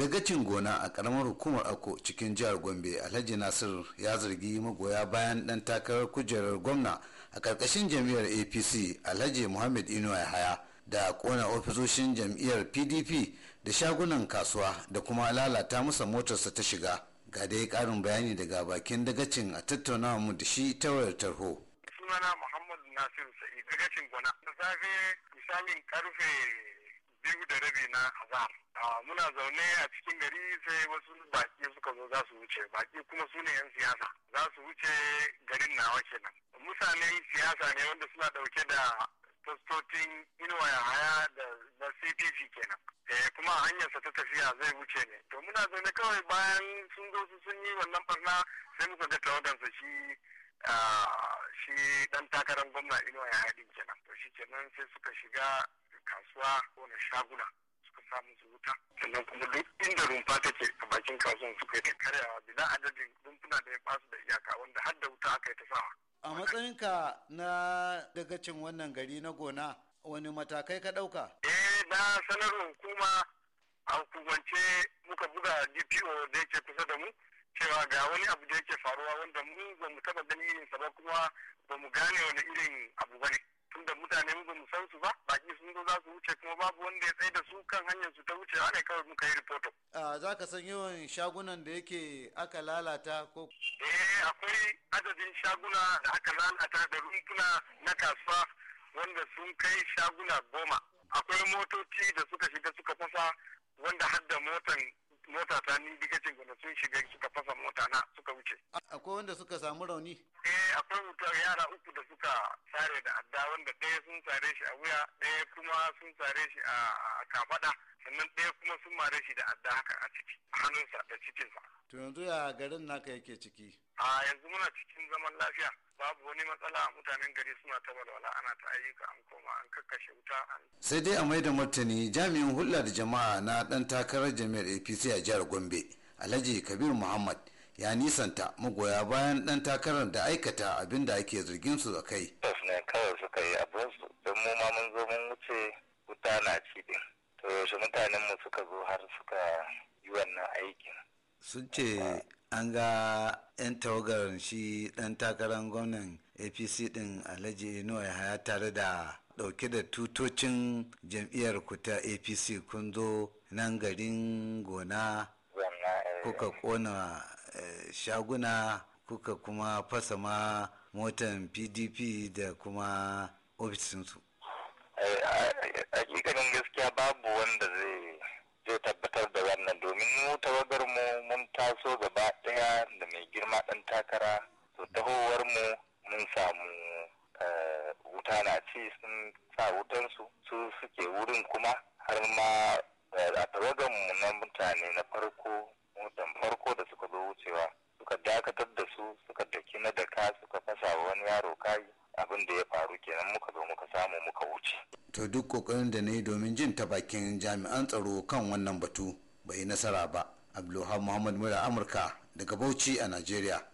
dagacin gona a karamar hukumar ako cikin jihar gombe alhaji nasir ya zargi magoya bayan dan takarar kujerar gwamna a karkashin jam'iyyar apc alhaji muhammad inuwa yahaya da kona ofisoshin jam'iyyar pdp da shagunan kasuwa da kuma lalata masa motarsa ta shiga ga dai karin bayani daga bakin dagacin a tattaunawa mu da shi ta wayar tarho sunana muhammad nasir sa'i dagacin gona da zafi misalin karfe biyu da rabi na hazar muna zaune a cikin gari sai wasu baki suka zo za su wuce baki kuma su ne 'yan siyasa za su wuce garin nawa kenan mutanen siyasa ne wanda suna dauke da tostotin inuwa ya haya da na cpc kenan eh, kuma hanyarsa ta tafiya zai wuce ne to muna zaune kawai bayan sun zo su sun yi wannan barna sai muka ga tawagansa shi shi dan takarar gwamna inuwa ya haɗin kenan to shi kenan sai suka shiga kasuwa ko na shaguna suka samu su wuta sannan kuma duk inda rumfa take a bakin kasuwan suka yi karyawa bila adadin rumfuna da ya basu da iyaka wanda har da wuta aka yi ta sawa. a matsayinka na dagacin wannan gari na gona wani matakai ka ɗauka? eh na sanar hukuma a hukumance muka buga dpo da yake kusa da mu cewa ga wani abu da yake faruwa wanda mu ba mu taɓa ganin irinsa ba kuma ba mu gane wani irin abu ba ne. tunda mutane mu bamu san su ba baki sun zo za su wuce kuma babu wanda ya tsaye da su kan hanyar su ta wuce ne kawai muka yi ripoto. a za ka san yawan shagunan da yake aka lalata ko. eh akwai adadin shaguna da aka lalata da rumfuna na kasuwa wanda sun kai shaguna goma akwai motoci da suka shiga suka fasa wanda har da motan mota ta ni digacin gwamnati sun shiga suka fasa mota na suka wuce. akwai wanda suka samu rauni. eh yara uku da suka sare da adda wanda ɗaya sun sare shi a wuya ɗaya kuma sun sare shi a kafaɗa sannan ɗaya kuma sun mare shi da adda haka a ciki hannunsa da cikinsa. to yanzu ya garin naka yake ciki. a yanzu muna cikin zaman lafiya babu wani matsala a mutanen gari suna ta walwala ana ta ayyuka an koma an kakkashe wuta. sai dai a mai da martani jami'in hulɗar jama'a na ɗan takarar jami'ar apc a jihar gombe alhaji kabir muhammad ya nisanta magoya bayan ɗan takarar da aikata abin da ake zargin su da kai. ne kawai suka yi abinsu don mu ma mun zo mun wuce wuta na ci To yaushe mutanen mu suka zo har suka yi wannan aikin. Sun ce an ga 'yan tawagar shi ɗan takarar gwamnan APC ɗin Alhaji Inuwa ya tare da dauke da tutocin jam'iyyar ku ta apc kun zo nan garin gona eh. kuka kona Eh, shaguna kuka kuma fasa ma motan pdp da kuma ofisinsu eh, hakikanin gaskiya babu wanda zai tabbatar da wannan domin mu tawagar mu mun taso gaba ɗaya da mai girma ɗan takara to tahowar mu mun samu eh, wuta na ci sun sa wutansu su suke wurin kuma har ma a tawagar mu na mutane na farko mutan farko da suka wucewa suka dakatar da su suka daki na daka suka fasa wa wani yaro kai abin da ya faru kenan muka zo muka samu muka wuce. To duk kokarin da na yi domin jin ta bakin jami'an tsaro kan wannan batu bai nasara ba. Abdulhamid Muhammad Mura Amurka daga Bauchi a Najeriya.